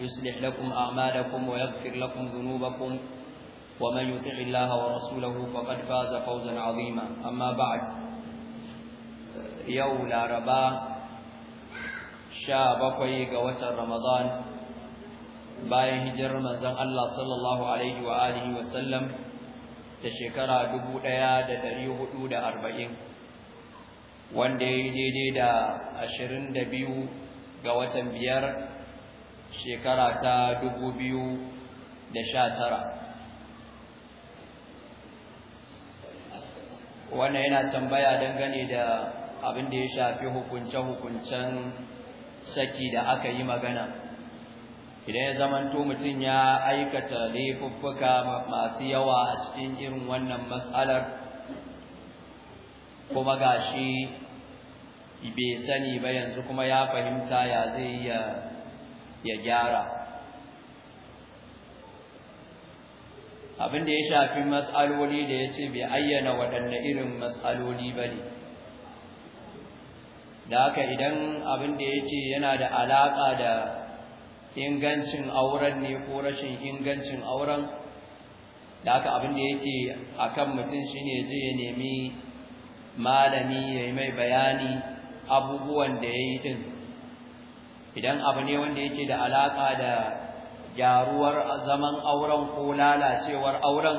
يصلح لكم أعمالكم ويغفر لكم ذنوبكم ومن يطع الله ورسوله فقد فاز فوزا عظيما أما بعد يوم العرباء شابقي قوة رمضان bayan hijirar manzon Allah sallallahu alaihi wa alihi wa sallam da shekara 1440 wanda ya yi daidai da biyu ga watan biyar shekara ta dubu biyu da sha tara. wannan yana tambaya dangane da abin da ya shafi hukunce-hukuncen saki da aka yi magana idan ya zamanto mutum ya aikata laifuffuka masu yawa a cikin irin wannan matsalar kuma gashi bai sani ba yanzu kuma ya fahimta ya zai ya ya gyara abinda ya shafi matsaloli da ya ce bai ayyana waɗanne irin matsaloli ba ne da haka idan abinda da ya ce yana da alaƙa da ingancin auren ne ko rashin ingancin auren da haka abin da ya ce a kan mutum shi ne zai nemi malami ya yi mai bayani abubuwan da ya yi din idan abu ne wanda yake da alaƙa da gyaruwar zaman auren ko lalacewar auren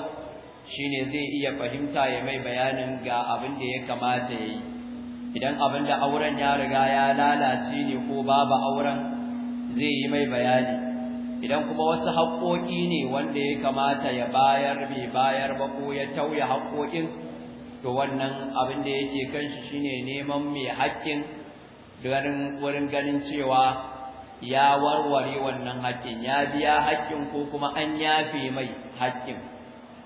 shi ne zai iya fahimta ya mai bayanin ga abin da ya kamata ya yi, idan abin da auren ya riga ya lalace ne ko babu auren zai yi mai bayani idan kuma wasu haƙoƙi ne wanda ya kamata ya bayar bai bayar ba ko ya tauya haƙoƙin to wannan abin da yake kanshi shine neman mai haƙƙin wurin ganin cewa ya warware wannan haƙƙin ya biya haƙƙin ko kuma an yafe mai haƙƙin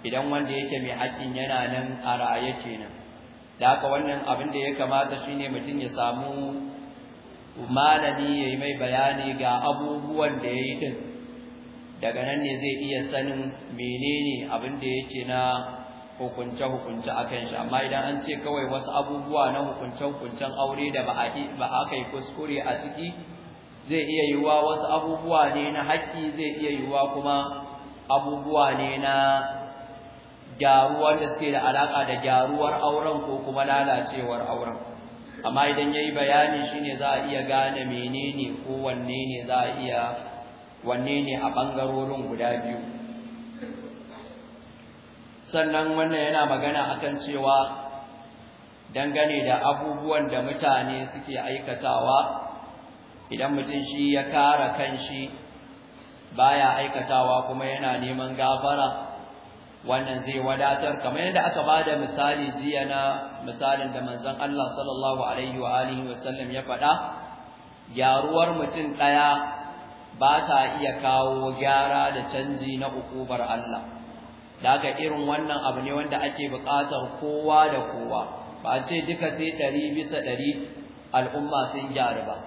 idan wanda yake mai haƙƙin yana nan a raye kenan da haka wannan abin da ya kamata shine mutum ya samu malami ya yi mai bayani ga abubuwan da ya yi din daga nan ne zai iya sanin menene abin da yake na hukunce-hukunce a kan shi amma idan an ce kawai wasu abubuwa na hukunce-hukuncen aure da ba a kai kuskure a ciki zai iya yiwuwa wasu abubuwa ne na haƙƙi zai iya yiwuwa kuma abubuwa ne na gyaruwar da suke da alaƙa da gyaruwar auren ko kuma lalacewar auren amma idan ya yi bayani shi ne za a iya gane menene ko wanne ne za a iya wanne ne a ɓangarorin guda biyu sannan wannan yana magana akan cewa dangane da abubuwan da mutane suke aikatawa idan mutum shi ya kara kanshi baya aikatawa kuma yana neman gafara wannan zai wadatar kamar yadda aka bada misali jiya na misalin da manzon Allah sallallahu alaihi wa alihi wa sallam ya faɗa gyaruwar mutum ɗaya ba ta iya kawo gyara da canji na ukubar Allah da irin wannan abu ne wanda ake buƙatar kowa da kowa ba a ce duka sai ɗari bisa ɗari al'umma sun gyaru ba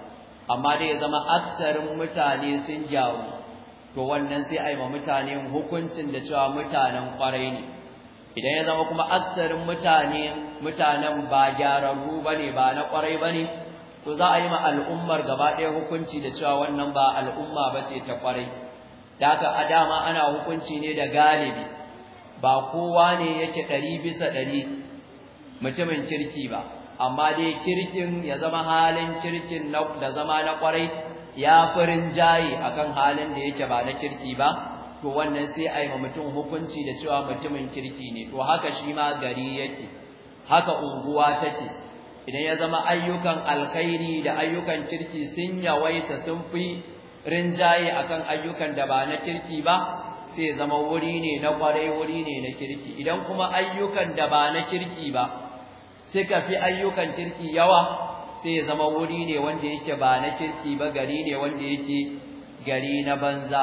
amma dai ya zama aksarin mutane sun gyaru to wannan sai a yi ma mutane hukuncin da cewa mutanen kwarai ne idan ya zama kuma aksarin mutane mutanen ba gyararru ba ne ba na kwarai ba ne to za a yi ma al'ummar gaba ɗaya hukunci da cewa wannan ba al'umma ba ce ta kwarai da haka a dama ana hukunci ne da galibi ba kowa ne yake ɗari bisa ɗari mutumin kirki ba amma dai kirkin ya zama halin kirkin da zama na kwarai ya farin jayi akan halin da yake ba na kirki ba to wannan sai a yi mutum hukunci da cewa mutumin kirki ne to haka shi ma gari yake haka unguwa take idan ya zama ayyukan alkhairi da ayyukan kirki sun yawaita sun fi rinjaye akan ayyukan da ba na kirki ba sai zama wuri ne na kwarai wuri ne na kirki idan kuma ayyukan da ba na kirki ba suka fi ayyukan kirki yawa sai ya zama wuri ne wanda yake ba na kirki ba gari ne wanda yake gari na banza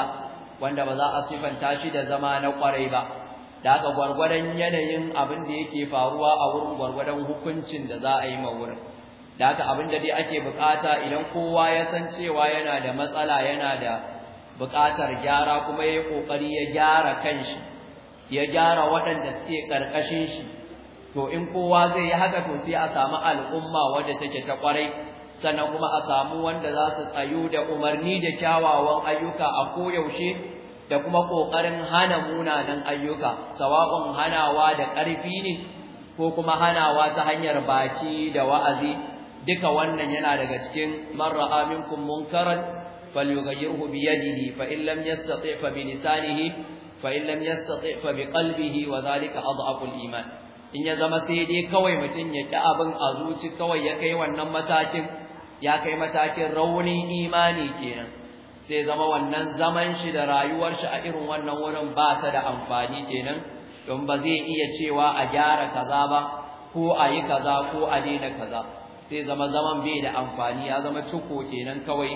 wanda ba za a sifanta shi da zama na kwarai ba da aka gwargwadon yanayin abin da yake faruwa a wurin gwargwadon hukuncin da za a yi ma wurin da aka abin da dai ake bukata idan kowa ya san cewa yana da matsala yana da buƙatar gyara kuma ya yi ƙoƙari ya gyara kan shi ya gyara waɗanda suke ƙarƙashin shi to in kowa zai yi haka to sai a samu al'umma wadda take ta ƙwarai sannan kuma a samu wanda za su tsayu da umarni da kyawawan ayyuka a koyaushe da kuma ƙoƙarin hana munanan ayyuka sawa'un hanawa da ƙarfi ne ko kuma hanawa ta hanyar baki da wa'azi duka wannan yana daga cikin man minkum munkaran فليغيره بيده فإن لم يستطع فبلسانه فإن لم يستطع فبقلبه وذلك أضعف الإيمان in ya zama sai dai kawai mutum ya ƙi abin a zuci kawai ya kai wannan matakin ya kai matakin raunin imani kenan sai zama wannan zaman shi da rayuwar shi a irin wannan wurin ba ta da amfani kenan don ba zai iya cewa a gyara kaza ba ko a yi kaza ko a daina kaza sai zama zaman bai da amfani ya zama ciko kenan kawai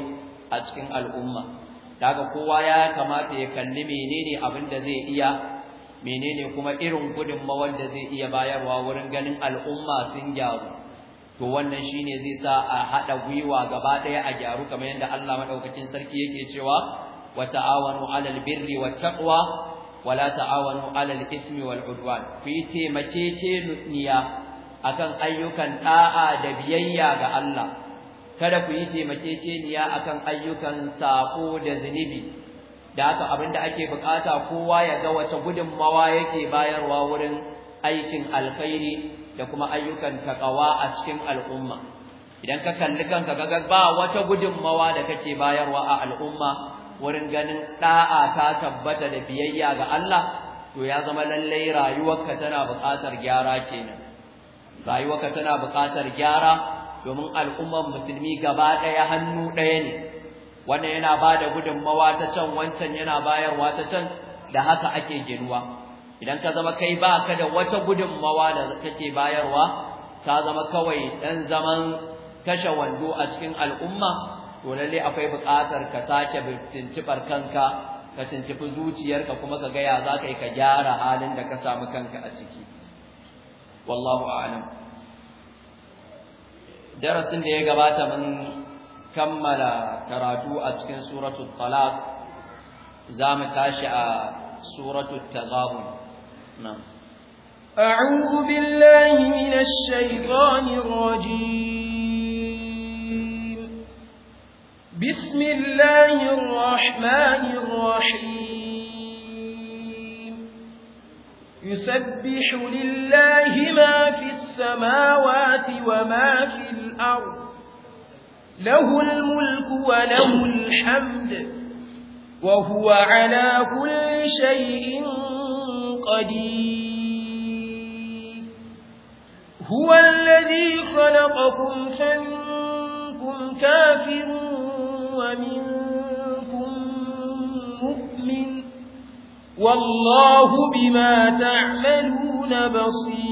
a cikin al'umma daga kowa ya kamata ya kalli menene abin da zai iya menene kuma irin gudunmawar da zai iya bayarwa wurin ganin al'umma sun gyaru to wannan shine zai sa a haɗa gwiwa gaba ɗaya a gyaru kamar yadda Allah maɗaukacin sarki yake cewa wa ta'awanu 'alal birri wat taqwa wa la ta'awanu 'alal ismi wal 'udwan ku yi taimakekeniya akan ayyukan ɗa'a da biyayya ga Allah kada ku yi taimakekeniya kan ayyukan safo da zunubi da haka abin da ake bukata kowa ya ga wace gudunmawa yake bayarwa wurin aikin alkhairi da kuma ayyukan takawa a cikin al'umma idan ka kalli kanka ga ba wata gudunmawa da kake bayarwa a al'umma wurin ganin ɗa'a ta tabbata da biyayya ga Allah to ya zama lallai rayuwarka tana buƙatar gyara kenan rayuwarka tana buƙatar gyara domin al'ummar musulmi gaba ɗaya hannu ɗaya ne wannan yana ba da gudunmawa ta can wancan yana bayarwa ta can da haka ake ginuwa idan ka zama kai ba ka da wata gudunmawa da kake bayarwa ka zama kawai ɗan zaman kashe wando a cikin al'umma to lalle akwai buƙatar ka sake tuntuɓar kanka ka tuntuɓi zuciyarka kuma ka gaya za ka yi ka gyara halin da ka samu kanka a ciki wallahu a'lam darasin da ya gabata mun kammala karatu a cikin suratul talaq za mu tashi a suratul tazabun na'am أعوذ بالله من الشيطان الرجيم بسم الله الرحمن الرحيم يسبح لله ما في السماوات وما في الأرض له الملك وله الحمد وهو على كل شيء قدير هو الذي خلقكم فمنكم كافر ومنكم مؤمن والله بما تعملون بصير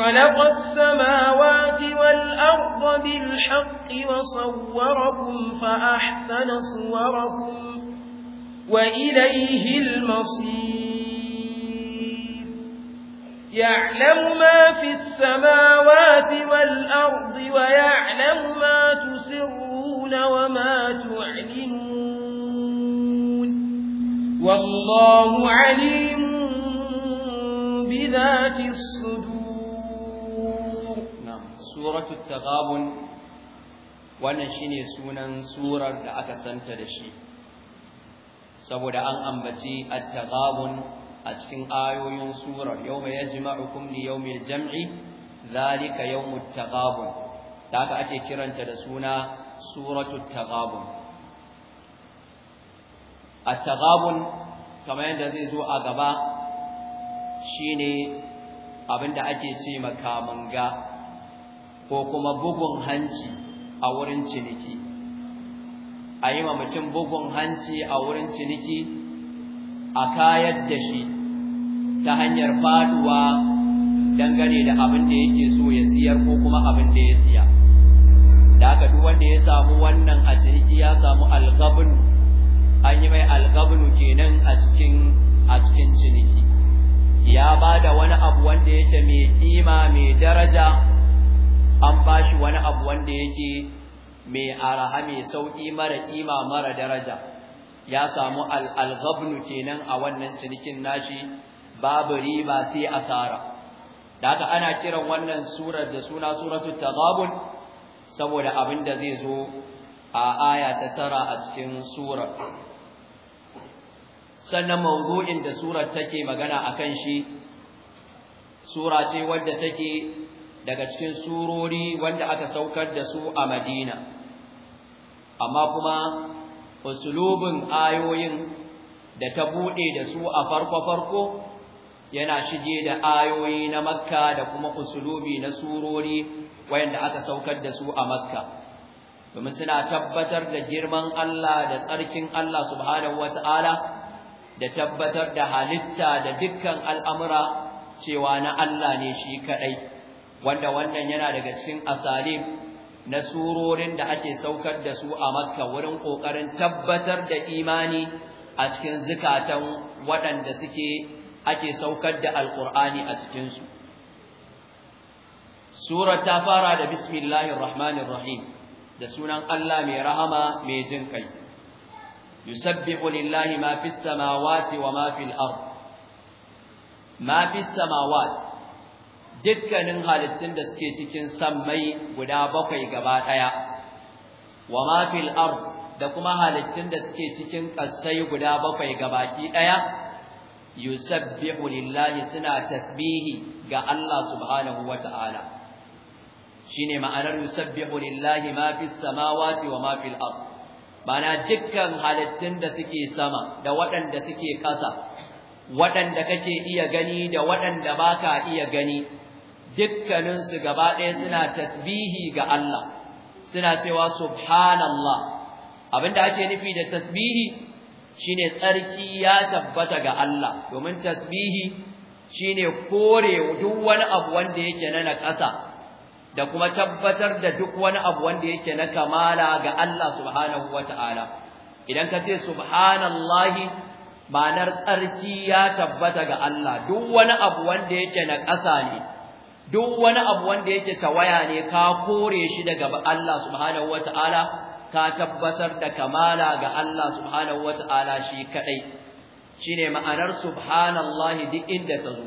خلق السماوات والأرض بالحق وصوركم فأحسن صوركم وإليه المصير يعلم ما في السماوات والأرض ويعلم ما تسرون وما تعلنون والله عليم بذات الصور suratu taghabun wannan shine sunan surar da aka santa da shi saboda an ambaci at-taghabun a cikin ayoyin surar yawma yajma'ukum li yawmil jam'i zalika yawmut taghabun da haka ake kiranta da suna suratu taghabun at-taghabun kamar yadda zai zo a gaba shine abinda ake ce makaman ga ko kuma bugun hanci a wurin ciniki a yi ma mutum bugun hanci a wurin ciniki a kayar da shi ta hanyar faduwa dangane da abin da yake so ya siyar ko kuma abin da ya siya da aka wanda ya samu wannan a ciniki ya samu alkabinu an yi mai algabnu kenan a cikin a cikin ciniki ya ba da wani abu wanda yake mai kima mai daraja an ba shi wani abu wanda yake mai araha mai sauƙi mara ƙima mara daraja ya samu al-ghabnu kenan a wannan cinikin nashi babu riba sai asara daga ana kiran wannan surar da suna suratul taghabun saboda abin da zai zo a aya ta tara a cikin surar sannan mawdu'in da surar take magana akan shi sura ce wadda take daga cikin surori wanda aka saukar da su a Madina amma kuma usulubin ayoyin da ta bude da su a farko-farko yana shige da ayoyi na Makka da kuma usulubi na surori wayanda aka saukar da su a Makka domin suna tabbatar da girman Allah da tsarkin Allah subhanahu wata'ala da tabbatar da halitta da dukkan al'amura cewa na Allah ne shi kaɗai. wanda wannan yana daga cikin asalib na surorin da ake saukar da su a makka wurin ƙoƙarin tabbatar da imani a cikin zukatan waɗanda suke ake saukar da alkur'ani a cikinsu sura ta fara da bismillahir rahmanir rahim da sunan Allah mai rahama mai jin kai yusabbihu lillahi ma fis samawati wa ma fil ard ma fis samawati dukkanin halittun da suke cikin sammai guda bakwai gaba ɗaya wa ma fil da kuma halittun da suke cikin ƙasai guda bakwai gabaki ɗaya yusabbihu lillahi suna tasbihi ga Allah subhanahu wata'ala shine ma'anar yusabbihu lillahi ma fis samawati wa ma fil ard bana dukkan halittun da suke sama da waɗanda suke ƙasa waɗanda kake iya gani da waɗanda baka iya gani dukkaninsu gaba ɗaya suna tasbihi ga Allah suna cewa subhanallah abinda ake nufi da tasbihi shine tsarki ya tabbata ga Allah domin tasbihi shine kore duk wani abu wanda yake na naƙasa da kuma tabbatar da duk wani abu wanda yake na kamala ga Allah subhanahu wata'ala idan ka ce subhanallahi ma'anar tsarki ya tabbata ga Allah duk wani abu wanda yake na ƙasa ne duk wani abu wanda yake tawaya ne ka kore shi daga Allah subhanahu wataala ka tabbatar da kamala ga Allah subhanahu wataala shi kadai shine ma'anar subhanallahi duk inda ta zo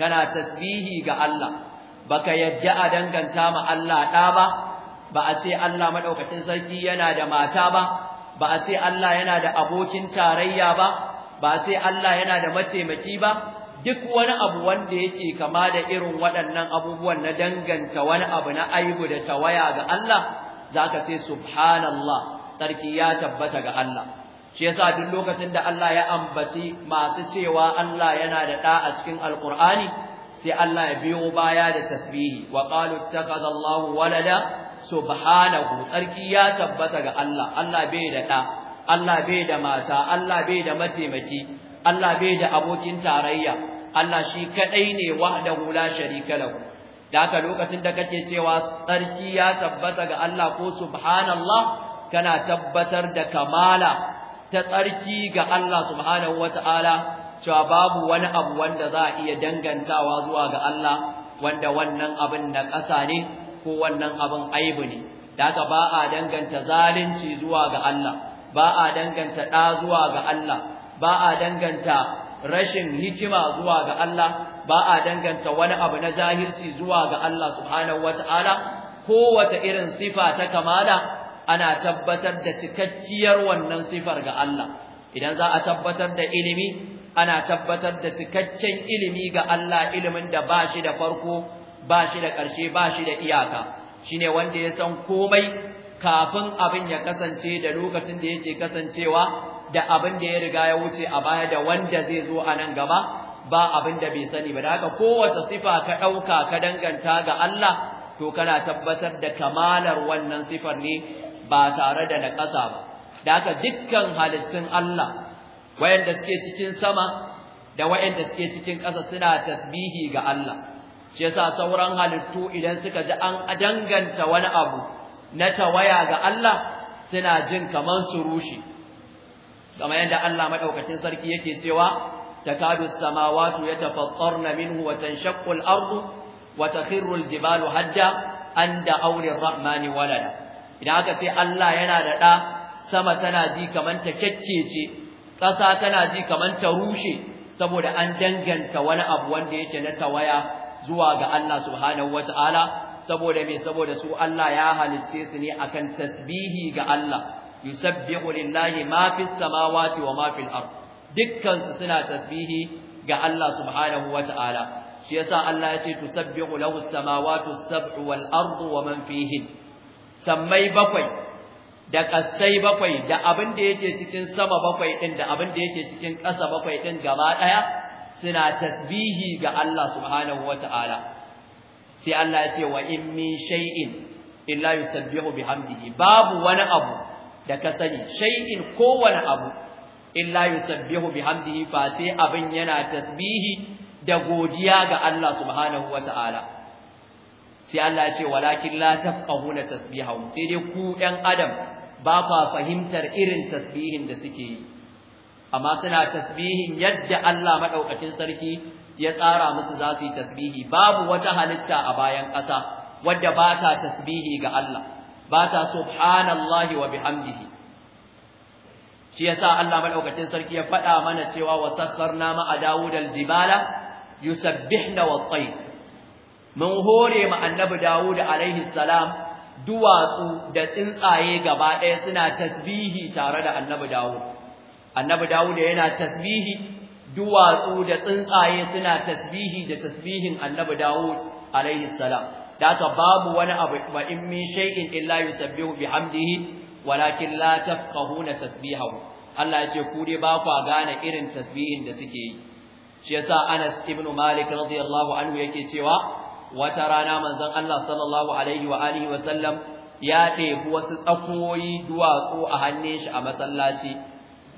kana tasbihi ga Allah baka yadda a danganta ma Allah ɗa ba ba a ce Allah madaukakin sarki yana da mata ba ba a ce Allah yana da abokin tarayya ba ba a ce Allah yana da mataimaki ba duk wani abu wanda yake kama da irin waɗannan abubuwan na danganta wani abu na aibu da tawaya ga Allah zaka ce subhanallah tsarki ya tabbata ga Allah shi yasa duk lokacin da Allah ya ambaci masu cewa Allah yana da ɗa a cikin alkur'ani sai Allah ya biyo baya da tasbihi wa qalu ittakhadallahu walada subhanahu Tsarki ya tabbata ga Allah Allah bai da ɗa Allah bai da mata Allah bai da mataimaki Allah bai da abokin tarayya Allah shi kadai ne wahdahu la sharika lahu da haka lokacin da kake cewa tsarki ya tabbata ga Allah ko subhanallah kana tabbatar da kamala ta tsarki ga Allah subhanahu wataala cewa babu wani abu wanda za a iya dangantawa zuwa ga Allah wanda wannan abin na ƙasa ne ko wannan abin aibu ne da haka ba a danganta zalunci zuwa ga Allah ba a danganta ɗa zuwa ga Allah ba a danganta rashin hikima zuwa ga Allah ba a danganta wani abu na zahirci zuwa ga Allah subhanahu wata'ala kowace irin sifa ta kamala ana tabbatar da cikakkiyar wannan sifar ga Allah idan za a tabbatar da ilimi ana tabbatar da cikakken ilimi ga Allah ilimin da ba shi da farko ba shi da ƙarshe ba shi da iyaka shine wanda ya san komai kafin abin ya kasance da lokacin da yake kasancewa da abin da ya riga ya wuce a baya da wanda zai zo a nan gaba ba abin da bai sani ba da haka kowace sifa ka ɗauka ka danganta ga Allah to kana tabbatar da kamalar wannan sifar ne ba tare da na naƙasa ba da haka dukkan halittun Allah wayanda suke cikin sama da wayanda suke cikin ƙasa suna tasbihi ga Allah shi yasa sauran halittu idan suka ji an danganta wani abu na tawaya ga Allah suna jin kamar su rushe kamar yadda Allah madaukakin sarki yake cewa takadu samawati yatafattarna minhu wa tanshaqqu al-ardu wa takhirru al-jibalu hadda an da'u lir-rahmani walada idan aka ce Allah yana da da sama tana ji kaman ta kekkece ƙasa tana ji kaman ta rushe saboda an danganta wani abu wanda yake na tawaya zuwa ga Allah subhanahu wataala saboda me saboda su Allah ya halicce su ne akan tasbihi ga Allah yusabbihu lillahi ma fis samawati wa ma fil ard suna tasbihi ga Allah subhanahu wataala shi yasa Allah ya ce tusabbihu lahu samawati sab'u wal ardu wa man fihin sammai bakwai da ƙasai bakwai da abin da yake cikin sama bakwai ɗin da abin da yake cikin ƙasa bakwai ɗin gaba ɗaya suna tasbihi ga Allah subhanahu wa ta'ala sai Allah ya ce wa in min shay'in illa yusabbihu bihamdihi babu wani abu da ka sani shay'in kowane abu illa yusabbihu bihamdihi fa sai abin yana tasbihi da godiya ga Allah subhanahu wataala sai Allah ya ce walakin la tafqahuna tasbihahum sai dai ku ɗan adam ba fa fahimtar irin tasbihin da suke yi amma suna tasbihin yadda Allah madaukakin sarki ya tsara musu za su yi tasbihi babu wata halitta a bayan ƙasa wadda ba ta tasbihi ga Allah ba ta subhanallahi wa bihamdihi shi yasa Allah madaukakin sarki ya faɗa mana cewa wa sakharna ma Dawud al-jibala yusabbihna wat-tayr mun hore ma annabi Dawud alaihi salam duwatsu da tsuntsaye gaba ɗaya suna tasbihi tare da annabi Dawud. Annabi Dawud yana tasbihi, duwatsu da tsuntsaye suna tasbihi da tasbihin annabi Dawud alaihi salam. da babu wani abu ba in min shay'in illa yusabbihu bihamdihi walakin la tafqahuna tasbihahu Allah yace ce ku dai ba ku gane irin tasbihin da suke yi shi yasa Anas ibn Malik radiyallahu anhu yake cewa wata rana manzon Allah sallallahu alaihi wa alihi wa sallam ya ɗebi wasu tsakoyi duwatsu a hannun shi a masallaci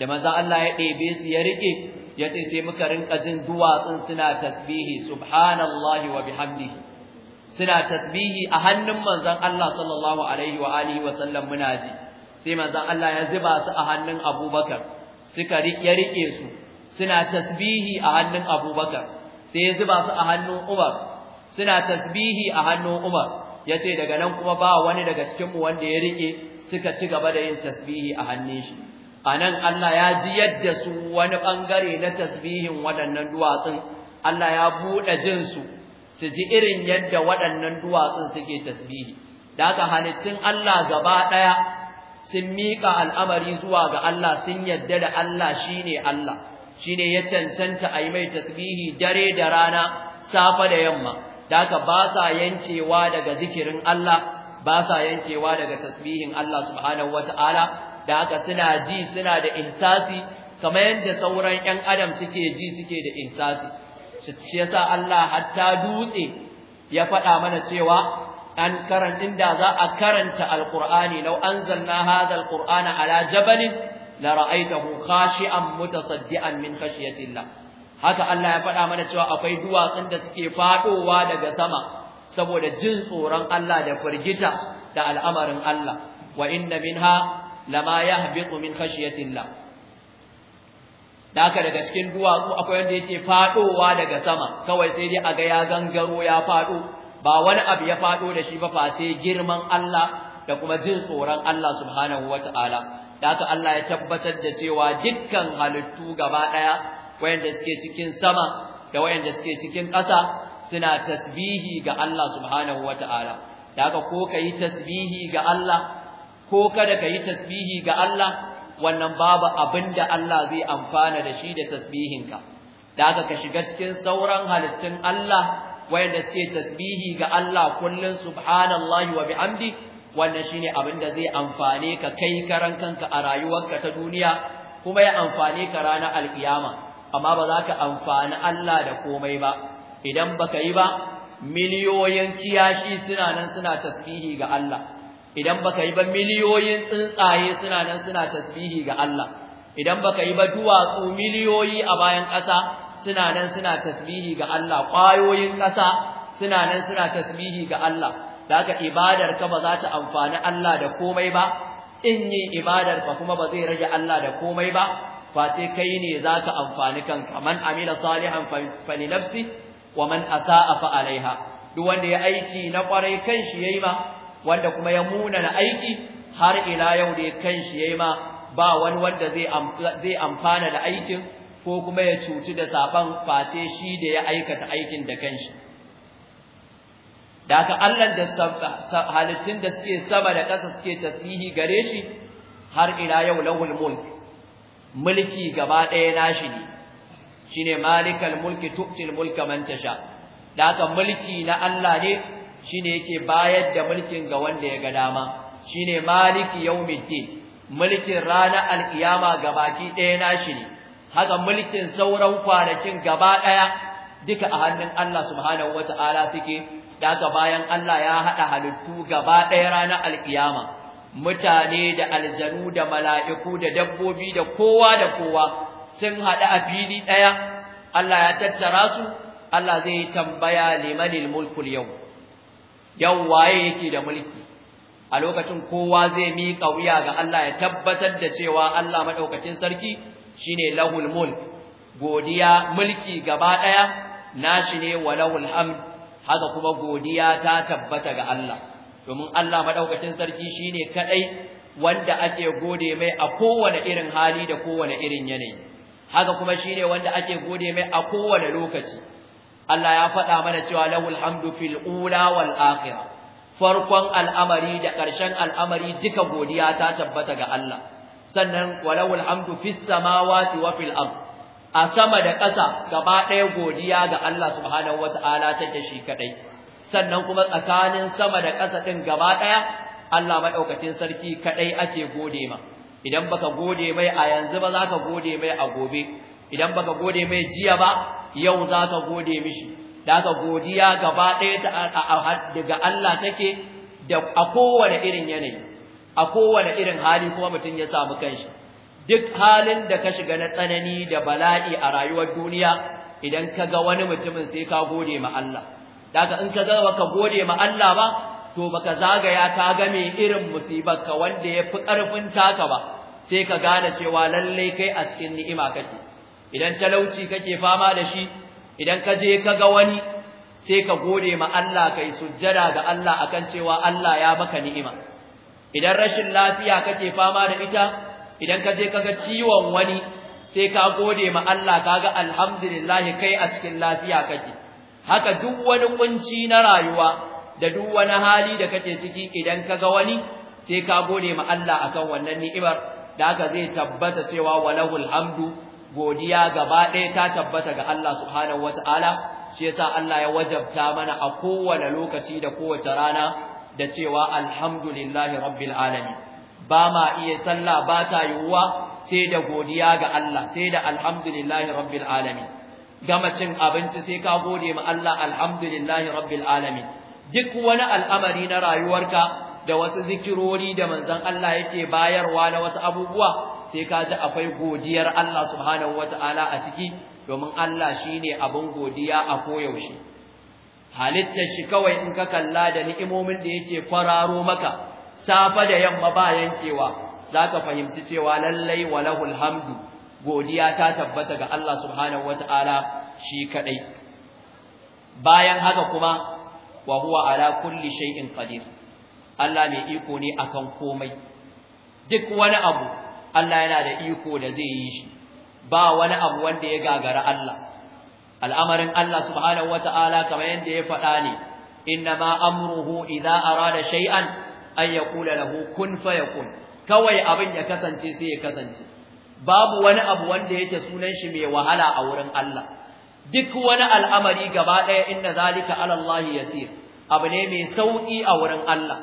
da manzon Allah ya ɗebe su ya rike ya ce sai muka rinka jin duwatsun suna tasbihi subhanallahi wa bihamdihi suna tasbihi a hannun manzon Allah sallallahu alaihi wa alihi wa sallam muna ji sai manzon Allah ya zuba su a hannun Abubakar suka ya riƙe su suna tasbihi a hannun Abubakar sai ya zuba su a hannun Umar suna tasbihi a hannun Umar yace daga nan kuma ba wani daga cikin mu wanda ya riƙe suka ci gaba da yin tasbihi a hannun shi anan Allah ya ji yadda su wani bangare na tasbihin waɗannan duwatsun Allah ya buɗe jinsu su ji irin yadda waɗannan duwatsun suke tasbihi da haka halittun Allah gaba ɗaya sun miƙa al'amari zuwa ga Allah sun yadda da Allah shi ne Allah shi ne ya cancanta a yi mai tasbihi dare da rana safe da yamma da haka ba sa yancewa daga zikirin Allah ba sa yankewa daga tasbihin Allah subhanahu wata'ala da haka suna ji suna da ihsasi kamar yadda sauran 'yan adam suke ji suke da ihsasi shi yasa Allah hatta dutse ya faɗa mana cewa an karan inda za a karanta alqur'ani law anzalna hadha Alƙur'ana ala jabalin la ra'aytahu khashi'an mutasaddian min khashyatillah haka Allah ya faɗa mana cewa akwai duwatsun da suke faɗowa daga sama saboda jin tsoron Allah da firgita da al'amarin Allah wa inna minha lama yahbitu min khashyatillah da haka daga cikin duwatsu akwai wanda yake faɗowa daga sama kawai sai dai a ga ya gangaro ya faɗo. ba wani abu ya faɗo da shi ba face girman Allah da kuma jin tsoron Allah subhanahu wataala da haka Allah ya tabbatar da cewa dukkan halittu gaba daya wayanda suke cikin sama da wayanda suke cikin ƙasa suna tasbihi ga Allah subhanahu wataala da haka ko kai tasbihi ga Allah ko kada kai tasbihi ga Allah wannan babu abinda Allah zai amfana da shi da tasbihinka da aka ka shiga cikin sauran halittun Allah wayanda suke tasbihi ga Allah kullun subhanallahi wa bihamdi wannan shine abinda zai amfane ka kai karan kanka a rayuwarka ta duniya kuma ya amfane ka ranar alkiyama amma ba za ka amfani Allah da komai ba idan baka yi ba miliyoyin kiyashi suna nan suna tasbihi ga Allah idan baka yi ba miliyoyin tsuntsaye suna nan suna tasbihi ga Allah idan baka yi ba duwatsu miliyoyi a bayan ƙasa suna nan suna tasbihi ga Allah ƙwayoyin ƙasa suna nan suna tasbihi ga Allah daga ibadar ka ba za ta amfani Allah da komai ba tsinye ibadar ka kuma ba zai rage Allah da komai ba face kai ne za ka amfani kanka man amila salihan fa li nafsi wa man asaa fa alaiha duk wanda ya aiki na kwarai kanshi yayi ba? wanda kuma ya muna munana aiki har ila yau da kanshi yayi ma ba wani wanda zai amfana da aikin ko kuma ya cutu da saban face shi da ya aikata aikin da kanshi daga Allah da halittun da suke sama da ƙasa suke tasbihi gare shi har ila yau lahul mulk mulki gaba ɗaya nashi ne shine malikal mulki tu'til mulka man tasha daga mulki na Allah ne shine yake bayar da mulkin ga wanda ya ga dama shine maliki yawmiddin mulkin rana alkiyama baki ɗaya nashi ne haka mulkin sauran kwanakin gaba ɗaya duka a hannun Allah subhanahu wata'ala suke daga bayan Allah ya haɗa halittu gaba ɗaya ranar alkiyama mutane da aljanu da mala'iku da dabbobi da kowa da kowa sun haɗu a fili ɗaya Allah ya tattara su Allah zai tambaya limanil mulkul yau yau waye yake da mulki a lokacin kowa zai miƙa wuya ga Allah ya tabbatar da cewa Allah madaukakin sarki shine lahul mulk godiya mulki gaba daya nashi ne walawul hamd haka kuma godiya ta tabbata ga Allah domin Allah madaukakin sarki shine kadai wanda ake gode mai a kowane irin hali da kowane irin yanayi haka kuma shine wanda ake gode mai a kowane lokaci Allah ya faɗa mana cewa lahul hamdu fil ula wal akhirah farkon al'amari da ƙarshen al'amari duka godiya ta tabbata ga Allah sannan walahul hamdu fis samawati wa fil ard a sama da ƙasa gaba ɗaya godiya ga Allah subhanahu wata'ala take shi kadai sannan kuma tsakanin sama da ƙasa din gaba ɗaya Allah madaukakin sarki kadai ake gode ma idan baka gode mai a yanzu ba za ka gode mai a gobe idan baka gode mai jiya ba yau za ka gode mishi da ka godiya gaba ɗaya daga Allah take da a kowane irin yanayi a kowane irin hali kuma mutum ya samu kanshi duk halin da ka shiga na tsanani da bala'i a rayuwar duniya idan ka ga wani mutumin sai ka gode ma Allah daga in ka zama ka gode ma Allah ba to baka zagaya ka ga mai irin musibar wanda ya fi ƙarfin taka ba sai ka gane cewa lallai kai a cikin ni'ima kake idan talauci kake fama da shi idan ka je ka wani sai ka gode ma Allah kai sujjada ga Allah akan cewa Allah ya maka ni'ima idan rashin lafiya kake fama da ita idan ka je ka ciwon wani sai ka gode ma Allah kaga alhamdulillah kai a cikin lafiya kake haka duk wani kunci na rayuwa da duk wani hali da kake ciki idan kaga wani sai ka gode ma Allah akan wannan ni'imar da haka zai tabbata cewa walahul hamdu godiya gaba ɗaya ta tabbata ga Allah subhanahu wata'ala shi yasa Allah ya wajabta mana a kowane lokaci da kowace rana da cewa alhamdulillahi rabbil alamin ba ma iya sallah ba ta yiwuwa sai da godiya ga Allah sai da alhamdulillahi rabbil alamin gama cin abinci sai ka gode ma Allah alhamdulillahi rabbil alamin duk wani al'amari na rayuwarka da wasu zikirori da manzon Allah yake bayarwa na wasu abubuwa sai ka ji akwai godiyar Allah subhanahu wata'ala a ciki domin Allah shine abin godiya a koyaushe halittar shi kawai in ka kalla da ni'imomin da yake kwararo maka safa da yamma ba yankewa zaka fahimci cewa lallai walahul hamdu godiya ta tabbata ga Allah subhanahu wata'ala shi kaɗai. bayan haka kuma wa huwa ala kulli shay'in qadir Allah mai iko ne akan komai duk wani abu Allah yana da iko da zai yi shi ba wani abu wanda ya gagara Allah al'amarin Allah subhanahu wata'ala kamar yadda ya faɗa ne innama amruhu idza arada shay'an an yaqula lahu kun fayakun kawai abin ya kasance sai ya kasance babu wani abu wanda yake sunan shi mai wahala a wurin Allah duk wani al'amari gaba ɗaya inna zalika alallahi yasir abu ne mai sauƙi a wurin Allah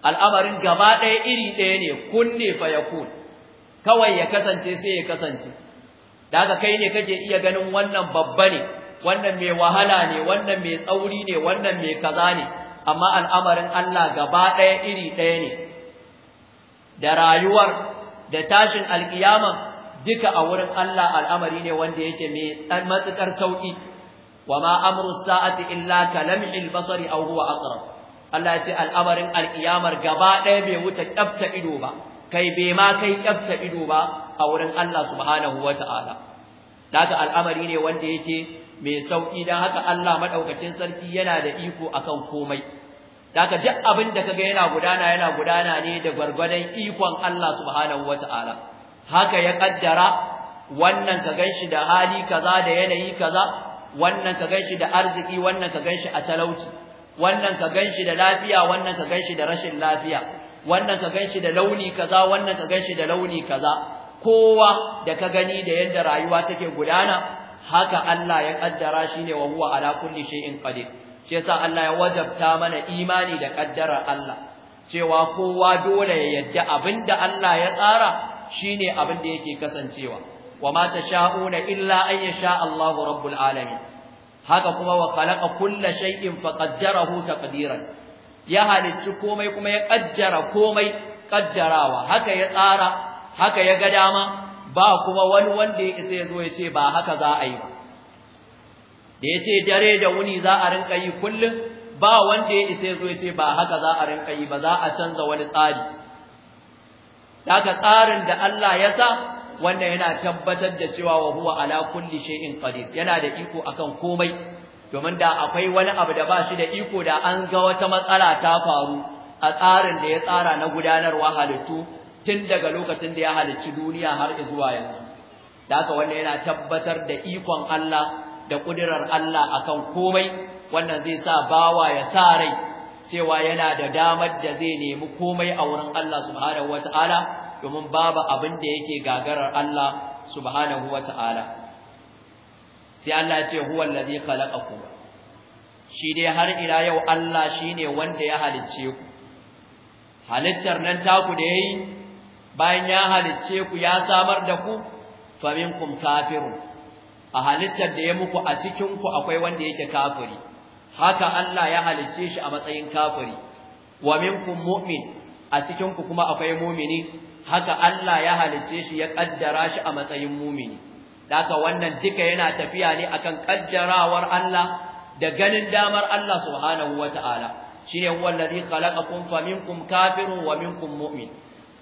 al'amarin gaba ɗaya iri ɗaya ne kun ne fa kawai ya kasance sai ya kasance da haka kai ne kake iya ganin wannan babba ne wannan mai wahala ne wannan mai tsauri ne wannan mai kaza ne amma al'amarin Allah gaba ɗaya iri ɗaya ne da rayuwar da tashin alkiyama duka a wurin Allah al'amari ne wanda yake mai matsukar sauki wa ma amru sa'ati illa kalam'il basari aw huwa aqrab Allah ya ce al'amarin alkiyamar gaba ɗaya bai wuce kyafta ido ba kai bai ma kai kyafta ido ba a wurin Allah subhanahu ta'ala daga al'amari ne wanda ya ce mai sauƙi dan haka Allah maɗaukacin sarki yana da iko a kan komai daga duk abin da kaga yana gudana yana gudana ne da gwargwadon ikon Allah subhanahu ta'ala. haka ya ƙaddara wannan ka ganshi da hali kaza da yanayi kaza wannan ka ganshi da arziki wannan ka ganshi a talauci wannan ka ganshi da lafiya wannan ka ganshi da rashin lafiya wannan ka ganshi da launi kaza wannan ka ganshi da launi kaza kowa da ka gani da yadda rayuwa take gudana haka Allah ya kaddara shi ne wa huwa ala kulli shay'in qadir shi yasa Allah ya wajabta mana imani da kaddarar Allah cewa kowa dole ya yadda abinda Allah ya tsara shine abin da yake kasancewa wa ma tasha'una illa an yasha Allahu rabbul alamin haka kuma wa khalaqa kulla shay'in faqaddarahu taqdiran ya halicci komai kuma ya kaddara komai kaddarawa haka ya tsara haka ya ga dama ba kuma wani wanda ya isa ya zo ya ce ba haka za a yi ba da ya ce dare da wuni za a rinka yi kullum ba wanda ya isa ya zo ya ce ba haka za a rinka yi ba za a canza wani tsari daga tsarin da Allah ya sa wannan yana tabbatar da cewa wa huwa ala kulli shay'in qadir yana da iko akan komai domin da akwai wani abu da ba shi da iko da an ga wata matsala ta faru a tsarin da ya tsara na gudanarwa halittu tun daga lokacin da ya halicci duniya har zuwa yanzu da haka wannan yana tabbatar da ikon Allah da kudirar Allah akan komai wannan zai sa bawa ya sa rai cewa yana da damar da zai nemi komai a wurin Allah subhanahu wataala domin babu abin da yake gagarar Allah subhanahu wataala sai Allah ya ce huwa allazi khalaqakum shi dai har ila yau Allah shine wanda ya halicce ku halittar nan taku da yayi bayan ya halicce ku ya samar da ku fa minkum kafirun a halittar da ya muku a cikin ku akwai wanda yake kafiri haka Allah ya halicce shi a matsayin kafiri wa minkum mu'min a cikin ku kuma akwai mu'mini haka Allah ya halicce shi ya kaddara shi a matsayin mu'mini Daka wannan duka yana tafiya ne akan kaddarawar Allah da ganin damar Allah subhanahu wata'ala shine wallazi khalaqakum faminkum kafirun wa minkum mu'min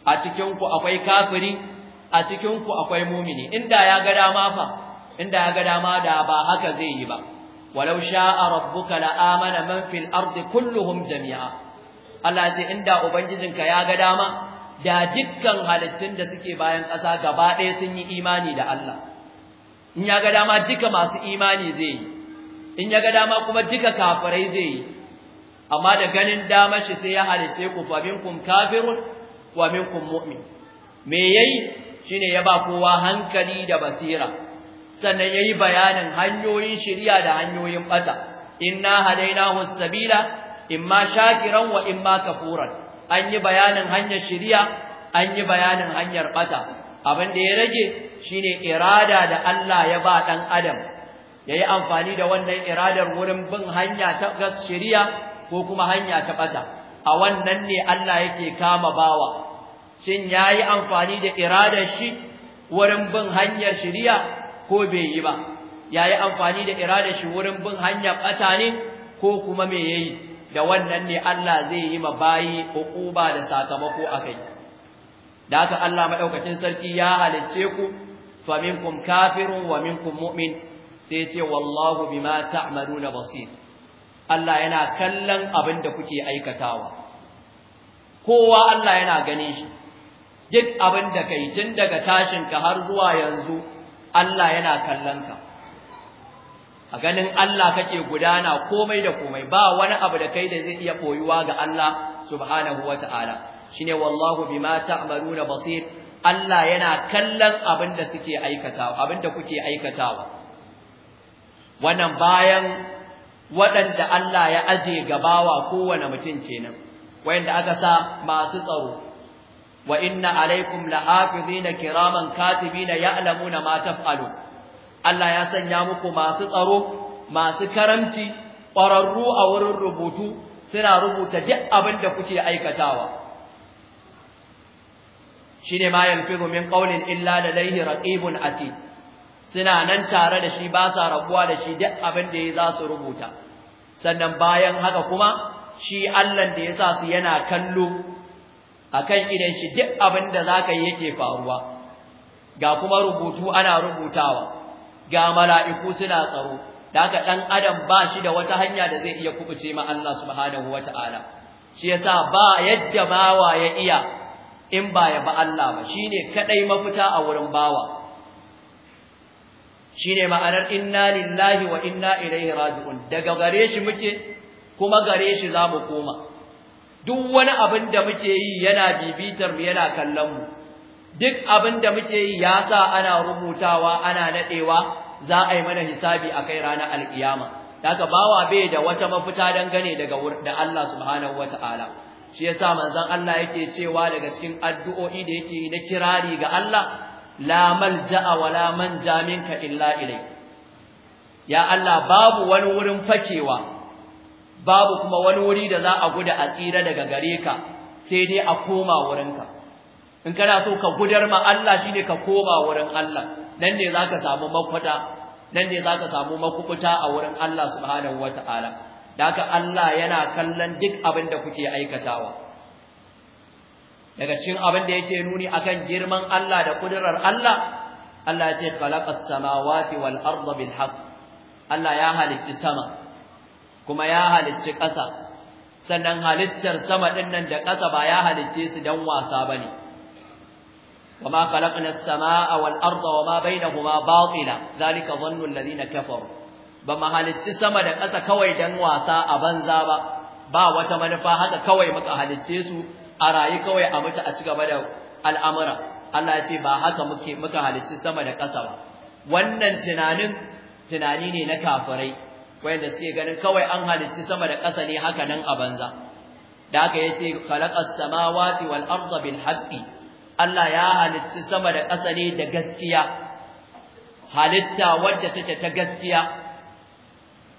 a cikin ku akwai kafiri a cikin ku akwai mu'mini inda ya ga dama fa inda ya ga dama da ba haka zai yi ba walau sha'a rabbuka la amana man fil ardi kulluhum jami'a Allah ce inda ubangijinka ya ga dama da dukkan halittun da suke bayan ƙasa gaba ɗaya sun yi imani da Allah in ya ga dama duka masu imani zai yi in ya ga dama kuma duka kafirai zai yi amma da ganin dama shi sai ya halice ku fa minkum kafirun wa minkum mu'min me yayi shine ya ba kowa hankali da basira sannan yayi bayanin hanyoyin shari'a da hanyoyin bata inna hadainahu sabila imma shakiran wa imma kafuran an yi bayanin hanyar shari'a an yi bayanin hanyar bata abin da ya rage shine irada da Allah ya ba dan adam yayi amfani da wannan iradar wurin bin hanya ta gaskiya ko kuma hanya ta bata a wannan ne Allah yake kama bawa shin yayi amfani da iradar shi wurin bin hanyar shiriya ko bai yi ba yayi amfani da iradar shi wurin bin hanya bata ne ko kuma me yayi da wannan ne Allah zai yi ma bayi uquba da sakamako akai da haka Allah madaukakin sarki ya halicce ku fa minkum kafirun wa minkum mu'min sai ce wallahu bima ta'maluna basir Allah yana kallon abin kuke aikatawa kowa Allah yana gani shi duk abinda da kai tun daga tashin ka har zuwa yanzu Allah yana kallon ka a ganin Allah kake gudana komai da komai ba wani abu da kai da zai iya koyuwa ga Allah subhanahu wataala shine wallahu bima ta'maluna basir Allah yana kallon abin da suke aikatawa abin da kuke aikatawa wannan bayan waɗanda Allah ya aje gabawa kowane mutum kenan wayanda aka sa masu tsaro wa inna alaikum lahafizina kiraman katibi katibina ya'lamuna ma taf'alu Allah ya sanya muku masu tsaro masu karamci ƙwararru a wurin rubutu suna rubuta duk abin da kuke aikatawa shine ma yalfizu min illa illa laihi raqibun atid suna nan tare da shi ba sa rabuwa da shi duk abin da ya za su rubuta sannan bayan haka kuma shi Allah da ya sa su yana kallo a kan idan shi duk abin da zaka yi yake faruwa ga kuma rubutu ana rubutawa ga mala'iku suna tsaro da haka ɗan adam ba shi da wata hanya da zai iya kubuce ma Allah subhanahu wataala shi yasa ba yadda bawa ya iya in ba ya ba Allah ba shine kadai mafita a wurin bawa shine ma'anar inna lillahi wa inna ilaihi raji'un daga gare shi muke kuma gare shi za mu koma duk wani abin da muke yi yana bibitar mu yana kallon mu duk abin da muke yi ya sa ana rubutawa ana nadewa za a yi mana hisabi a kai ranar alkiyama daga bawa bai da wata mafita dangane daga da Allah subhanahu wataala shi yasa manzon Allah yake cewa daga cikin addu'o'i da yake yi na kirari ga Allah la malja'a wa la jaminka illa ilai ya Allah babu wani wurin fakewa babu kuma wani wuri da za a guda a tsira daga gare ka sai dai a koma wurinka in kana so ka gudar ma Allah shine ka koma wurin Allah nan ne zaka samu makwata nan ne zaka samu makubuta a wurin Allah subhanahu wataala Daka Allah yana kallon duk abin da kuke aikatawa. Daga cikin abin da yake nuni akan girman Allah da kudurar Allah, Allah ya ce khalaqas samawati wal arda bil haqq. Allah ya halicci sama kuma ya halicci ƙasa. Sannan halittar sama ɗinnan nan da ƙasa ba ya halicce su dan wasa bane. Wama khalaqnas samaa wal arda wama bainahuma batila, zalika dhannu alladhina kafaru. ba mu halicci sama da ƙasa kawai don wasa a banza ba ba wata manufa haka kawai muka halicce su a rayu kawai a mutu a ci gaba da al'amura Allah ce ba haka muka halicci sama da ƙasa ba wannan tunanin tunani ne na kafirai wanda suke ganin kawai an halicci sama da ƙasa ne haka nan a banza da haka yace sama samawati wal arda bil Allah ya halicci sama da ƙasa ne da gaskiya halitta wadda take ta gaskiya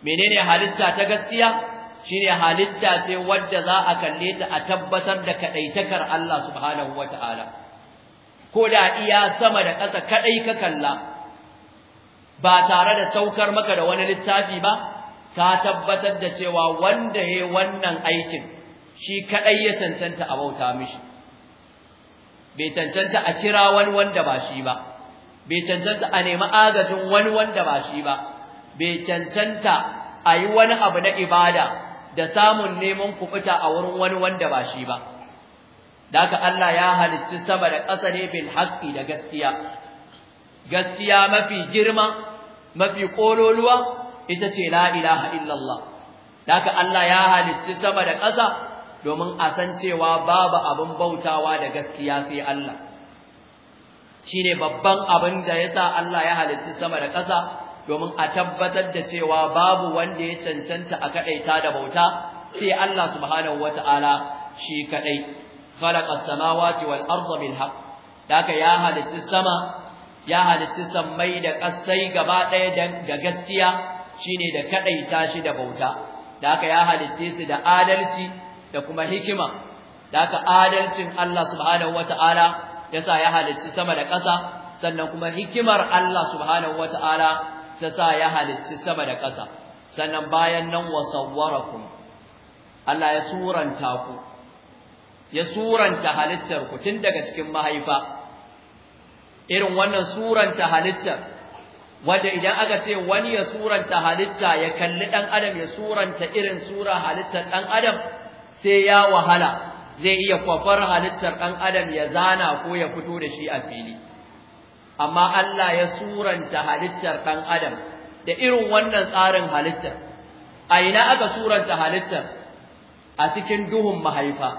menene halitta ta gaskiya shine halitta ce wadda za a kalle ta a tabbatar da kadaitakar Allah subhanahu wataala ko da iya sama da ƙasa kadai ka kalla ba tare da saukar maka da wani littafi ba ka tabbatar da cewa wanda yayi wannan aikin shi kadai ya cancanta a bauta mishi bai cancanta a kira wani wanda ba shi ba bai cancanta a nemi agajin wani wanda ba shi ba bai cancanta a yi wani abu na ibada da samun neman kubuta a wurin wani wanda ba shi ba daga Allah ya halicci sama da ƙasa ne bin haƙƙi da gaskiya gaskiya mafi girma mafi ƙololuwa, ita ce la ilaha illallah daga Allah ya halicci sama da ƙasa domin a san cewa babu abin bautawa da gaskiya sai Allah Shi ne babban abin da ya sa Allah ya halicci sama da ƙasa domin a tabbatar da cewa babu wanda ya cancanta a kaɗaita da bauta sai Allah subhanahu Ta'ala shi kaɗai. khalaqa samawati wal arda bil haqq ya halicci sama ya halicci sammai da kasai gaba ɗaya da gaskiya shine da kaɗaita shi da bauta daka ya halicce su da adalci da kuma hikima daka adalcin Allah subhanahu Wa yasa ya halicci sama da ƙasa, sannan kuma hikimar Allah subhanahu Ta'ala. ta sa ya halicci sama da ƙasa sannan bayan nan wa sawwarakum Allah ya suranta ku ya suranta halittar ku tun daga cikin mahaifa irin wannan suranta halittar wanda idan aka ce wani ya suranta halitta ya kalli ɗan adam ya suranta irin sura halittar ɗan adam sai ya wahala zai iya kwafar halittar ɗan adam ya zana ko ya fito da shi a fili amma Allah ya suranta halittar ɗan adam da irin wannan tsarin halittar a ina aka suranta halittar a cikin duhun mahaifa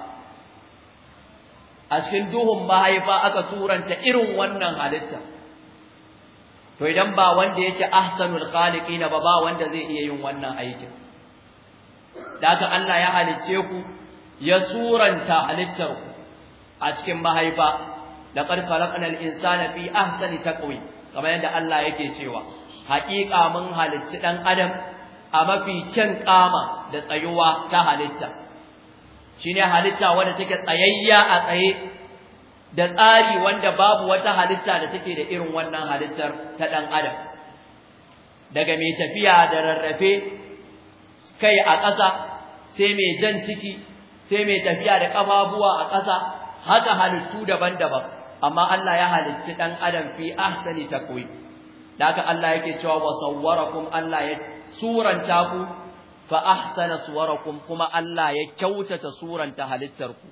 a cikin duhun mahaifa aka suranta irin wannan halittar to idan ba wanda yake ahsanul na ba ba wanda zai iya yin wannan aikin da Allah ya halicce ku ya suranta halittar ku a cikin mahaifa laqad khalaqnal insana fi ahsani taqwim kamar yadda Allah yake cewa haƙiƙa mun halicci dan adam a mafi kyan kama da tsayuwa ta halitta shine halitta wanda take tsayayya a tsaye da tsari wanda babu wata halitta da take da irin wannan halittar ta dan adam daga mai tafiya da rarrafe kai a ƙasa sai mai jan ciki sai mai tafiya da ƙafafuwa a ƙasa haka halittu daban-daban amma Allah ya halicci ɗan adam fi ahsani Da daga Allah yake cewa wa sawwarakum Allah ya suranta ku fa ahsana suwarakum kuma Allah ya kyautata suranta halittar ku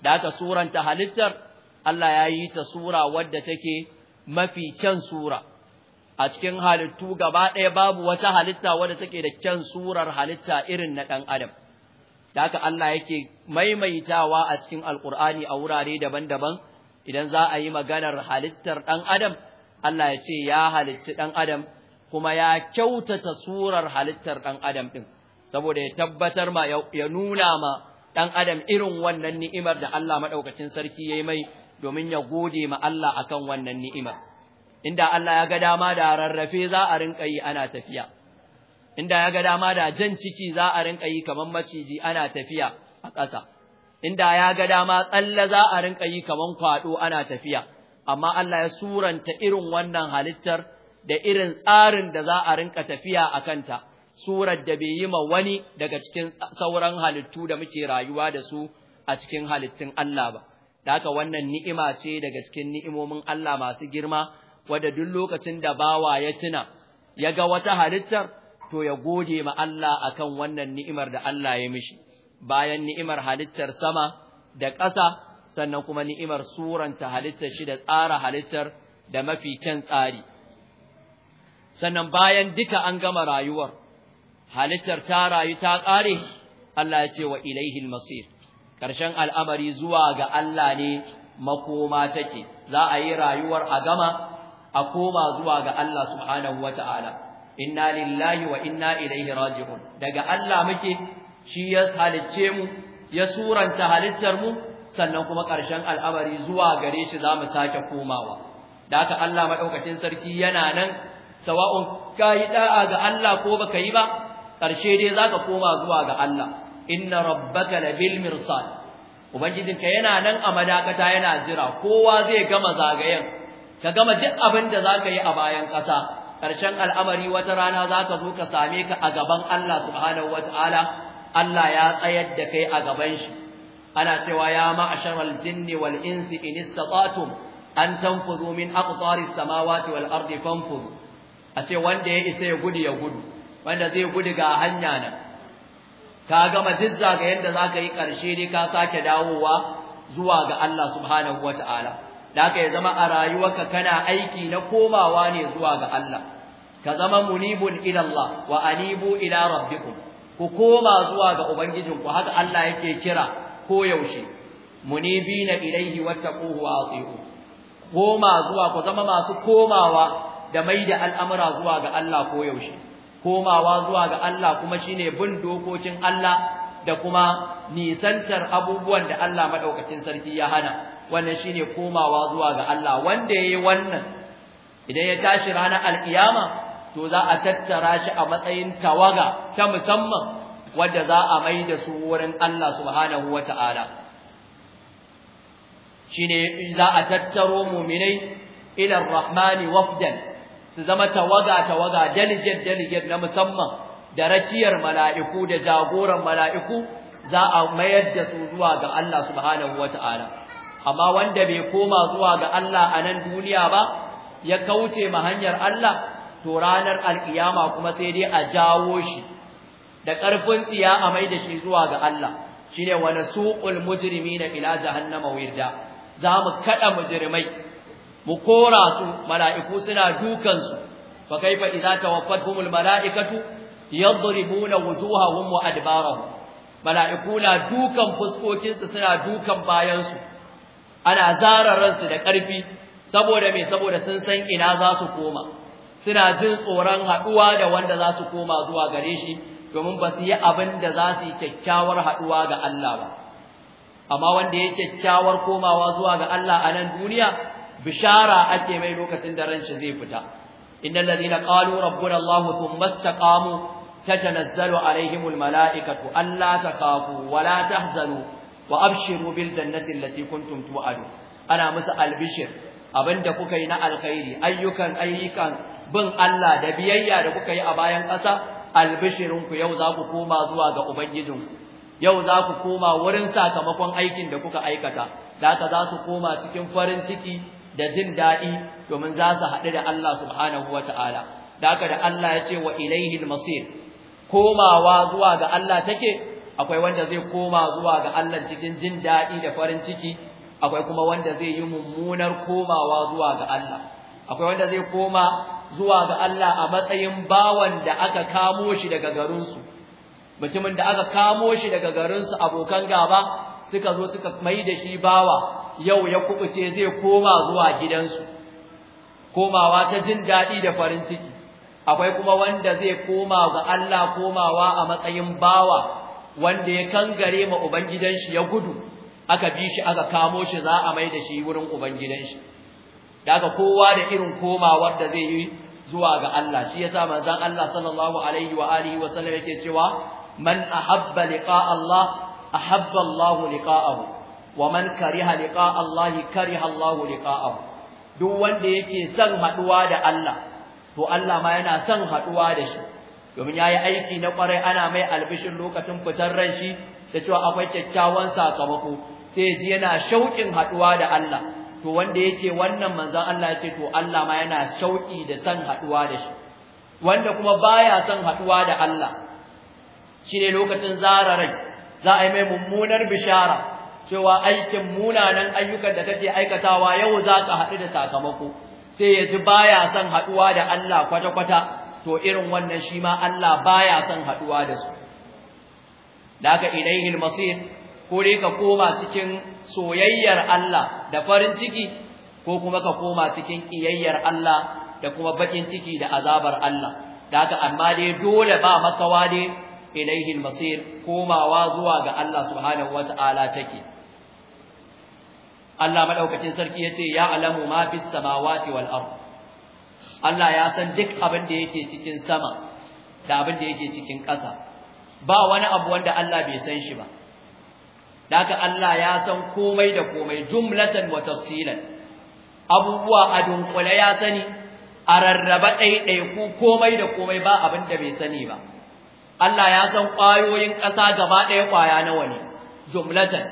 daga suranta halittar Allah ya yi ta sura wadda take mafi kyan sura a cikin halittu gaba ɗaya babu wata halitta wadda take da kyan surar halitta irin na ɗan adam daga Allah yake maimaitawa a cikin alkur'ani a wurare daban-daban idan za a yi maganar halittar ɗan adam Allah ya ce ya halicci ɗan adam kuma ya kyautata surar halittar ɗan adam ɗin saboda ya tabbatar ma ya nuna ma ɗan adam irin wannan ni'imar da Allah maɗaukacin sarki ya yi mai domin ya gode ma Allah akan wannan ni'imar inda Allah ya ga dama da rarrafe za a rinƙa yi ana tafiya inda ya ga dama da jan ciki za a rinƙa yi kamar maciji ana tafiya a ƙasa inda ya ga dama tsalle za a rinka yi kaman kwado ana tafiya amma Allah ya suranta irin wannan halittar da irin tsarin da za a rinka tafiya a kanta surar da bai yi ma wani daga cikin sauran halittu da muke rayuwa da su a cikin halittun Allah ba da haka wannan ni'ima ce daga cikin ni'imomin Allah masu girma wadda duk lokacin da bawa ya tuna ya ga wata halittar to ya gode ma Allah akan wannan ni'imar da Allah ya mishi bayan ni'imar halittar sama da ƙasa sannan kuma ni'imar suranta halittar shi da tsara halittar da mafi kyan tsari sannan bayan duka an gama rayuwar halittar ta rayu ta ƙare Allah ya ce wa ilaihil masir ƙarshen al'amari zuwa ga Allah ne makoma take za a yi rayuwar a gama a koma zuwa ga Allah subhanahu wata'ala inna lillahi wa inna ilaihi raji'un daga Allah muke shi ya halicce mu ya suranta halittar mu sannan kuma ƙarshen al'amari zuwa gare shi za mu sake komawa da haka Allah madaukakin sarki yana nan sawa'un kai da'a ga Allah ko baka yi ba ƙarshe dai zaka koma zuwa ga Allah inna rabbaka labil mirsad Ubangijinka yana nan a madakata yana jira, kowa zai gama zagayen, ka gama duk abin da za ka yi a bayan ƙasa, ƙarshen al'amari wata rana za ka zo ka same ka a gaban Allah subhanahu wa ta'ala Allah ya tsayar da kai a gaban shi ana cewa ya ma'asharal jinni wal insi in istata'tum an tanfudu min aqtaris samawati wal ardi fanfudu a ce wanda ya isa ya gudu ya gudu wanda zai gudu ga hanya nan ka gama duk zagayen da zaka yi karshe ne ka sake dawowa zuwa ga Allah subhanahu wataala da haka ya zama a rayuwarka kana aiki na komawa ne zuwa ga Allah ka zama munibun ila Allah wa anibu ila rabbikum ku koma zuwa ga ubangijinku haka Allah yake kira ko yaushe munibina ilaihi wattaquhu wa ati'u koma zuwa ku zama masu komawa da maida al'amura zuwa ga Allah ko yaushe komawa zuwa ga Allah kuma shine bin dokokin Allah da kuma nisantar abubuwan da Allah madaukakin sarki ya hana wannan shine komawa zuwa ga Allah wanda yayi wannan idan ya tashi ranar alkiyama to za a tattara shi a matsayin tawaga ta musamman wadda za a mai da su wurin Allah subhanahu wata'ala shine za a tattaro mu'minai ila ar-rahmani wafdan su zama tawaga tawaga dalijat dalijat na musamman da rakiyar mala'iku da jagoran mala'iku za a mayar da su zuwa ga Allah subhanahu wata'ala amma wanda bai koma zuwa ga Allah a nan duniya ba ya kauce ma hanyar Allah to ranar alkiyama kuma sai dai a jawo shi da ƙarfin tsiya a mai da shi zuwa ga Allah shine wa nasuqul mujrimina ila jahannama wirda za mu kada mujrimai mu kora su mala'iku suna dukan su fa kaifa idza tawaffatuhumul mala'ikatu yadribuna wujuhahum wa adbarahum mala'iku na dukan fuskokin su suna dukan bayan su ana zara ransu da ƙarfi saboda me saboda sun san ina za su koma suna jin tsoron haɗuwa da wanda za su koma zuwa gare shi domin ba su yi abin da za su yi kyakkyawar haɗuwa ga Allah ba amma wanda ya yi kyakkyawar komawa zuwa ga Allah a nan duniya bishara ake mai lokacin da ranshi zai fita innal ladina qalu rabbuna Allah thumma istaqamu tatanazzalu alaihimul malaikatu alla takafu wa la tahzanu wa abshiru bil jannati kun kuntum ado, ana musu albishir abinda kuka yi na alkhairi ayyukan ayyukan bin Allah da biyayya da kuka yi a bayan ƙasa albishirinku yau za ku koma zuwa ga ubangijinku yau za ku koma wurin sakamakon aikin da kuka aikata da ka za su koma cikin farin ciki da jin daɗi domin za su haɗu da Allah subhanahu wata'ala da ka da Allah ya ce wa ilaihi masir komawa zuwa ga Allah take akwai wanda zai koma zuwa ga Allah cikin jin daɗi da farin ciki akwai kuma wanda zai yi mummunar komawa zuwa ga Allah akwai wanda zai koma zuwa ga Allah a matsayin bawan da aka kamo shi daga garinsu mutumin da aka kamo shi daga garinsu abokan gaba suka zo suka mai da shi bawa yau ya kubuce zai koma zuwa gidansu komawa ta jin daɗi da farin ciki akwai kuma wanda zai koma ga Allah komawa a matsayin bawa wanda ya kangare ma ubangidan shi ya gudu aka bi shi aka kamo shi za a mai da shi wurin ubangidan shi daga kowa da irin komawar da zai yi zuwa ga Allah shi yasa manzon Allah sallallahu alaihi wa alihi wa sallam yake cewa man ahabba liqa Allah ahabba Allah liqa'ahu wa man kariha liqa Allah kariha Allah liqa'ahu duk wanda yake son haduwa da Allah to Allah ma yana son haduwa da shi domin yayi aiki na kwarai ana mai albishin lokacin fitar ran shi da cewa akwai kyakkyawan sakamako sai ji yana shauƙin haduwa da Allah to wanda ya ce wannan manzon Allah yace to Allah ma yana shauƙi da san haɗuwa da shi wanda kuma baya son haɗuwa da Allah shi ne lokacin zararai za a yi mai mummunar bishara cewa aikin munanan ayyukan da kake aikatawa yau za ka haɗu da sakamako sai ya ji baya son haɗuwa da Allah kwata-kwata to irin wannan shi ma Allah baya son haɗuwa da su daga ilaihil masir ko dai ka koma cikin soyayyar Allah da farin ciki ko kuma ka koma cikin ƙiyayyar Allah da kuma baƙin ciki da azabar Allah da haka amma dai dole ba makawa ne ilaihi masir komawa zuwa ga Allah subhanahu wata'ala take Allah madaukakin sarki yace ya alamu ma fis samawati wal ard Allah ya san duk abin da yake cikin sama da abin da yake cikin ƙasa ba wani abu wanda Allah bai san shi ba Daka Allah ya san komai da komai jumlatan wa tafsilan. Abubuwa a dunkule ya sani, a rarraba ɗaiɗaiku komai da komai ba abin da bai sani ba. Allah ya san ƙwayoyin ƙasa gaba ɗaya ƙwaya nawa ne, jumlatan.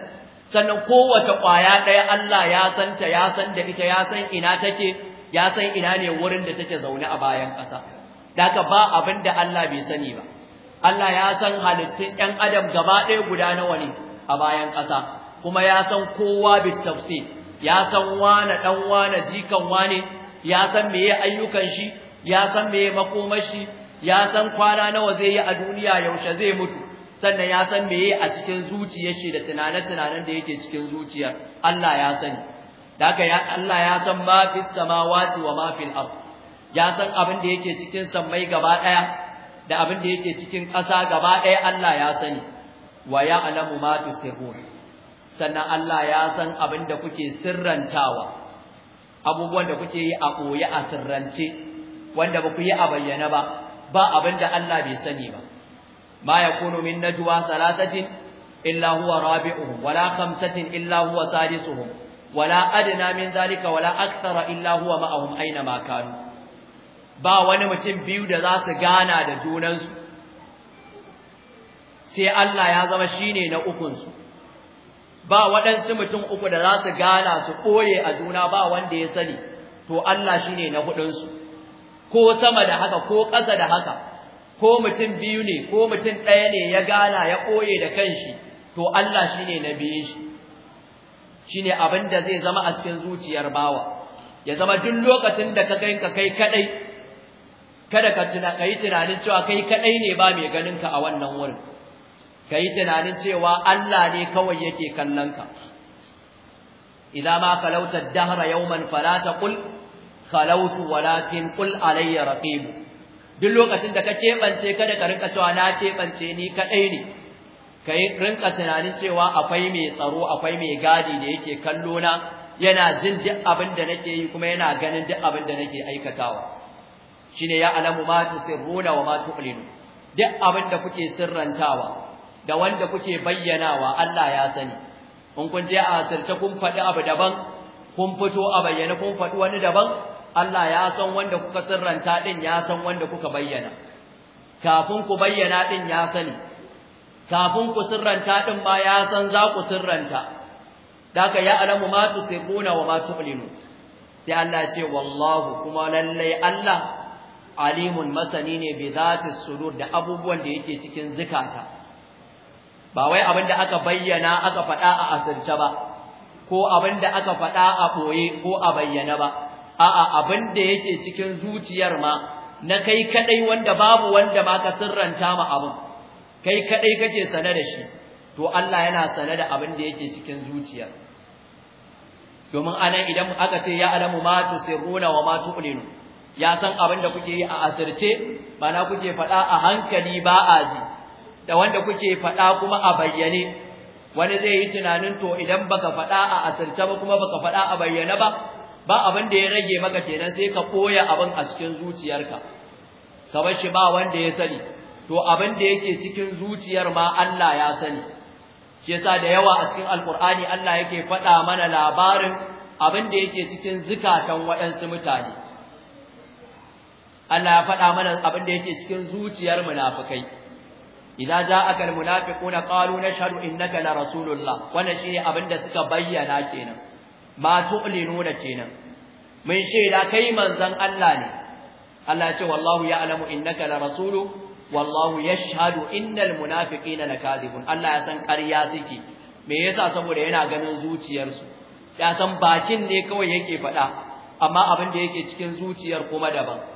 Sannan kowace ƙwaya ɗaya Allah ya san ta, ya san da ita, ya san ina take, ya san ina ne wurin da take zaune a bayan ƙasa. Daka ba abin da Allah bai sani ba. Allah ya san halittun ‘yan Adam gaba ɗaya guda nawa ne. a bayan ƙasa kuma ya san kowa bi tafsir ya san wane dan wane jikan wane ya san meye ayyukan shi ya san meye makomar shi ya san kwana nawa zai yi a duniya yaushe zai mutu sannan ya san meye a cikin zuciyar shi da tunane-tunanen da yake cikin zuciyar, Allah ya sani daga ya Allah ya san ma fi samawati wa ma fil ard ya san abin da yake cikin sammai gaba daya da abin da yake cikin ƙasa gaba daya Allah ya sani wa alamu ma tusirrun sannan Allah ya san abin da kuke sirrantawa abubuwan da kuke yi a koyi a sirrance wanda ba ku yi a bayyana ba ba abin da Allah bai sani ba ma yakunu min najwa salatatin illa huwa rabi'uhum wala khamsatin illa huwa sadisuhum wala adna min zalika wala akthara illa huwa ma'ahum aina ma kanu ba wani mutum biyu da za su gana da junansu sai Allah ya zama shine na ukunsu ba waɗansu mutum uku da za su gana su ɓoye a juna ba wanda ya sani to Allah shine na huɗunsu ko sama da haka ko ƙasa da haka ko mutum biyu ne ko mutum ɗaya ne ya gana ya ɓoye da kanshi to Allah shine na biye shi shine abin da zai zama a cikin zuciyar bawa ya zama duk lokacin da ka ganka kai kadai kada ka tuna tunanin cewa kai kaɗai ne ba mai ganinka a wannan wurin Ka yi tunanin cewa Allah ne kawai yake kallon ka idza ma kalauta dahra yawman fala kul khalawtu walakin qul alayya raqib duk lokacin da ka kebance kada ka rinka cewa na kebance ni kaɗai ne Ka yi rinka tunanin cewa akwai mai tsaro akwai mai gadi da yake kallo na yana jin duk abin da nake yi kuma yana ganin duk abin da nake aikatawa shine ya alamu ma tusirruna wa ma tuqlinu. duk abin da kuke sirrantawa da wanda kuke bayyanawa Allah ya sani in kun je a asirce kun faɗi abu daban kun fito a bayyana kun faɗi wani daban Allah ya san wanda kuka sirranta din ya san wanda kuka bayyana kafin ku bayyana din ya sani kafin ku sirranta din ba ya san za ku sirranta daka ya alamu ma tusirruna wa ma tu'linu sai Allah ce wallahu kuma lallai Allah alimun masani ne bi zati sudur da abubuwan da yake cikin zikata. ba wai abin da aka bayyana aka faɗa a asirce ba ko abin da aka faɗa a ɓoye ko a bayyana ba a'a abin da yake cikin zuciyar ma na kai kadai wanda babu wanda ma ka sirranta ma abin kai kaɗai kake sane da shi to Allah yana sane da abin da yake cikin zuciya domin anan idan aka ce ya alamu ma sirruna wa ma tu'linu ya san abin da kuke yi a asirce ba na kuke faɗa a hankali ba a ji da wanda kuke faɗa kuma a bayyane wani zai yi tunanin to idan baka faɗa a asirce ba kuma baka faɗa a bayyane ba ba abin da ya rage maka kenan sai ka koya abin a cikin zuciyarka ka bar shi ba wanda ya sani to abin da yake cikin zuciyar ma Allah ya sani shi yasa da yawa a cikin alkur'ani Allah yake faɗa mana labarin abin da yake cikin zukatan waɗansu mutane Allah ya faɗa mana abin da yake cikin zuciyar munafikai idza ja'aka almunafiquna qalu nashhadu innaka la rasulullah wannan shine abinda suka bayyana kenan ma tu'linuna kenan mun shaida kai manzon Allah ne Allah ya ce wallahu ya'lamu innaka la rasulu wallahu yashhadu innal munafiqina lakadibun Allah ya san ƙarya suke me yasa saboda yana ganin zuciyarsu ya san bakin ne kawai yake faɗa amma abin da yake cikin zuciyar kuma daban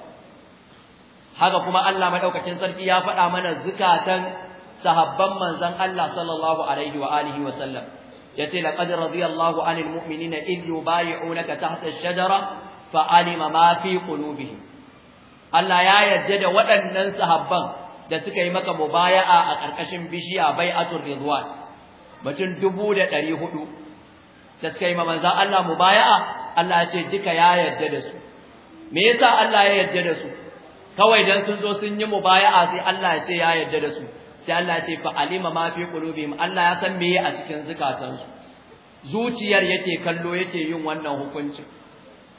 haka kuma Allah madaukakin sarki ya faɗa mana zukatan sahabban manzon Allah sallallahu alaihi wa alihi wa sallam yace laqad radiyallahu anil mu'minina id yubayi'unaka tahta ash-shajara fa'alima ma fi qulubihim Allah ya yarda da waɗannan sahabban da suka yi maka mubaya'a a ƙarƙashin bishiya bai'atul ridwan mutum 1400 da suka yi manzo Allah mubaya'a Allah ya ce duka ya yarda da su me yasa Allah ya yarda da su kawai dan sun zo sun yi mubaya'a sai Allah ya ce ya yarda da su sai Allah ya ce fa alima ma fi qulubihim Allah ya san meye a cikin zukatansu zuciyar yake kallo yake yin wannan hukuncin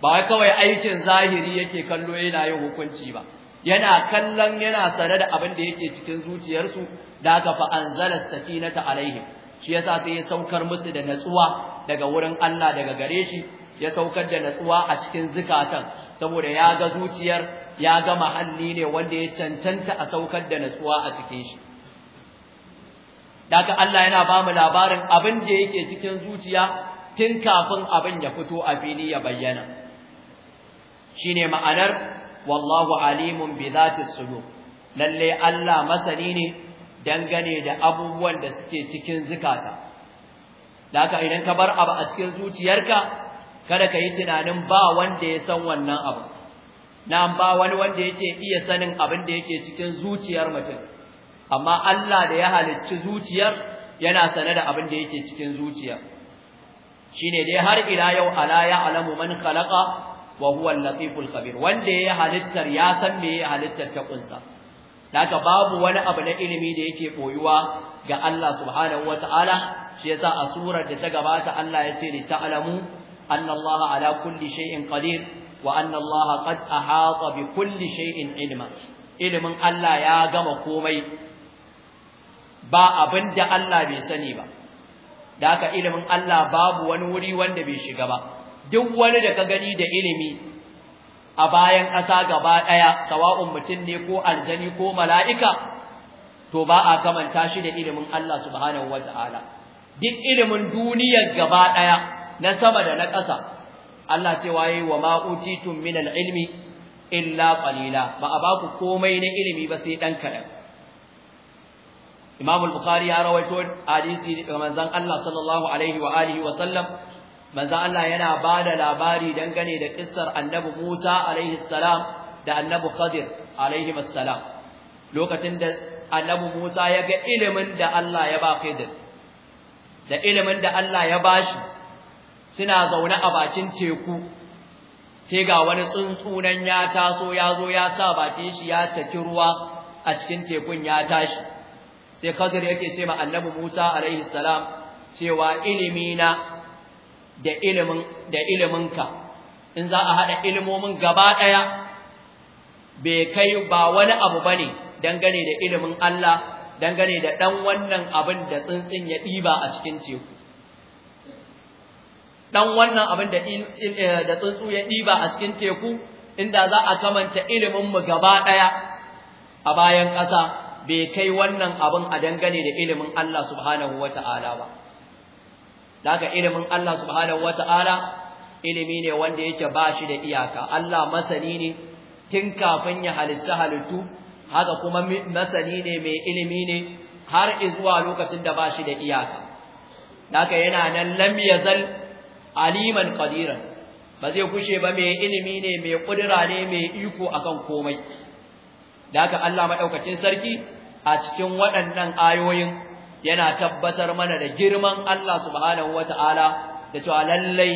ba kawai aikin zahiri yake kallo yana yin hukunci ba yana kallon yana sare da abin da yake cikin zuciyarsu da aka fa anzala sakinata alaihim shi yasa sai ya saukar musu da natsuwa daga wurin Allah daga gare shi ya saukar da natsuwa a cikin zukatan saboda ya ga zuciyar ya ga mahalli ne wanda ya cancanta a saukar da natsuwa a cikin shi daga Allah yana ba mu labarin abin da yake cikin zuciya tun kafin abin ya fito a fili ya bayyana shine ma'anar wallahu alimun bi zatis sudur lalle Allah masani ne dangane da abubuwan da suke cikin zukata daga idan ka bar abu a cikin zuciyarka kada ka yi tunanin ba wanda ya san wannan abu na ba wani wanda yake iya sanin abin da yake cikin zuciyar mutum amma Allah da ya halicci zuciyar yana sane da abin da yake cikin zuciyar shine dai har ila yau ala ya alamu man khalaqa wa huwa al-latiful khabir wanda ya halittar ya san me ya halittar ta kunsa daga babu wani abu na ilimi da yake koyuwa ga Allah subhanahu wataala shi yasa a surar da ta gabata Allah ya ce ta ta'lamu أن الله على كل شيء قدير وأن الله قد أحاط بكل شيء علما علم الله يا gama komai ba abinda Allah bai sani ba da haka ilimin Allah babu wani wuri wanda bai shiga ba duk wani da ka gani da ilimi a bayan ƙasa gaba ɗaya sawa'un mutum ne ko aljani ko mala'ika to ba a kamanta shi da ilimin Allah subhanahu wata'ala duk ilimin duniyar gaba ɗaya na sama da na ƙasa Allah ce waye wa ma utitum min ilmi illa qalila ba a baku komai na ilimi ba sai dan kadan Imam al-Bukhari ya rawaito hadisi daga manzon Allah sallallahu alaihi wa alihi wa sallam manzon Allah yana bada labari dangane da kissar Annabi Musa alaihi salam da Annabi Khadir alaihi salam lokacin da Annabi Musa ya ga ilimin da Allah ya ba Khadir da ilimin da Allah ya bashi suna zaune a bakin teku sai ga wani tsuntsunan ya taso ya zo ya sa bakin shi ya saki ruwa a cikin tekun ya tashi sai Khadir yake ce ma Annabi Musa alaihi salam cewa ilimi na da ilimin da iliminka in za a hada ilimomin gaba daya bai kai ba wani abu bane dangane da ilimin Allah dangane da dan wannan abin da tsuntsun ya diba a cikin teku dan wannan abin eh, da tsuntsu ya ɗiba a cikin teku inda za a kamanta ilimin mu gaba ɗaya, a bayan ƙasa bai kai wannan abin a dangane da ilimin Allah subhanahu wata'ala ba daga ilimin Allah subhanahu wata'ala ilimi ne wanda yake ba shi da iyaka Allah masani ne tun kafin ya halitta halittu haka kuma masani ne mai ilimi ne har zuwa lokacin da ba shi da iyaka daga yana nan lam yazal aliman qadiran ba zai kushe ba mai ilimi ne mai kudura ne mai iko akan komai da haka Allah madaukakin sarki a cikin waɗannan ayoyin yana tabbatar mana da girman Allah subhanahu wataala da cewa lallai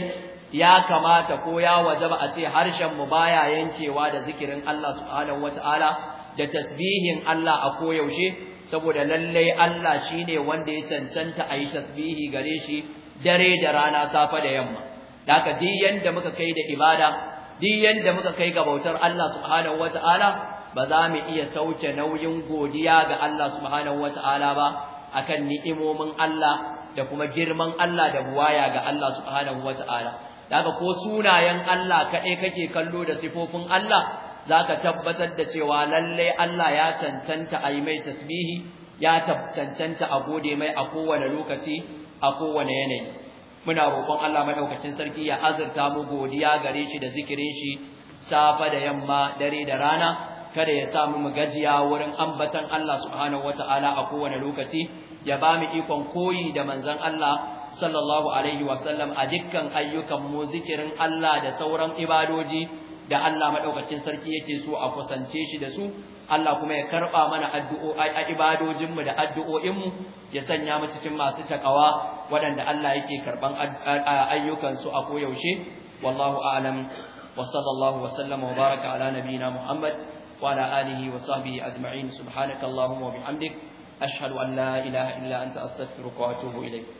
ya kamata ko ya wajaba a ce harshen mu baya yankewa da zikirin Allah subhanahu wataala da tasbihin Allah a koyaushe saboda lallai Allah shine wanda ya cancanta a yi tasbihi gare shi dare da rana safe da yamma daga duk yanda muka kai da ibada duk yanda muka kai ga bautar Allah subhanahu wataala ba za mu iya sauke nauyin godiya ga Allah subhanahu wataala ba akan ni'imomin Allah da kuma girman Allah da buwaya ga Allah subhanahu wataala daga ko sunayen Allah kaɗai kake kallo da sifofin Allah zaka tabbatar da cewa lalle Allah ya cancanta ayi mai tasbihi ya cancanta a gode mai a kowane lokaci a kowane yanayi muna roƙon Allah madaukakin sarki ya azurta mu godiya gare shi da zikirin shi safa da yamma dare da rana kada ya samu mu gajiya wurin ambatan Allah subhanahu wataala a kowane lokaci ya ba mu ikon koyi da manzon Allah sallallahu alaihi wasallam a dukkan ayyukan mu zikirin Allah da sauran ibadoji da Allah madaukakin sarki yake so a kusance shi da su Allah kuma ya karɓa mana a ibadojin da addu'o'in mu ya sanya mu cikin masu takawa waɗanda Allah yake karban ayyukan su a koyaushe wallahu a'lam wa sallallahu wa sallama wa baraka ala nabiyyina Muhammad wa ala alihi wa sahbihi ajma'in subhanakallahumma wa bihamdik ashhadu an la ilaha illa anta astaghfiruka wa atubu ilayk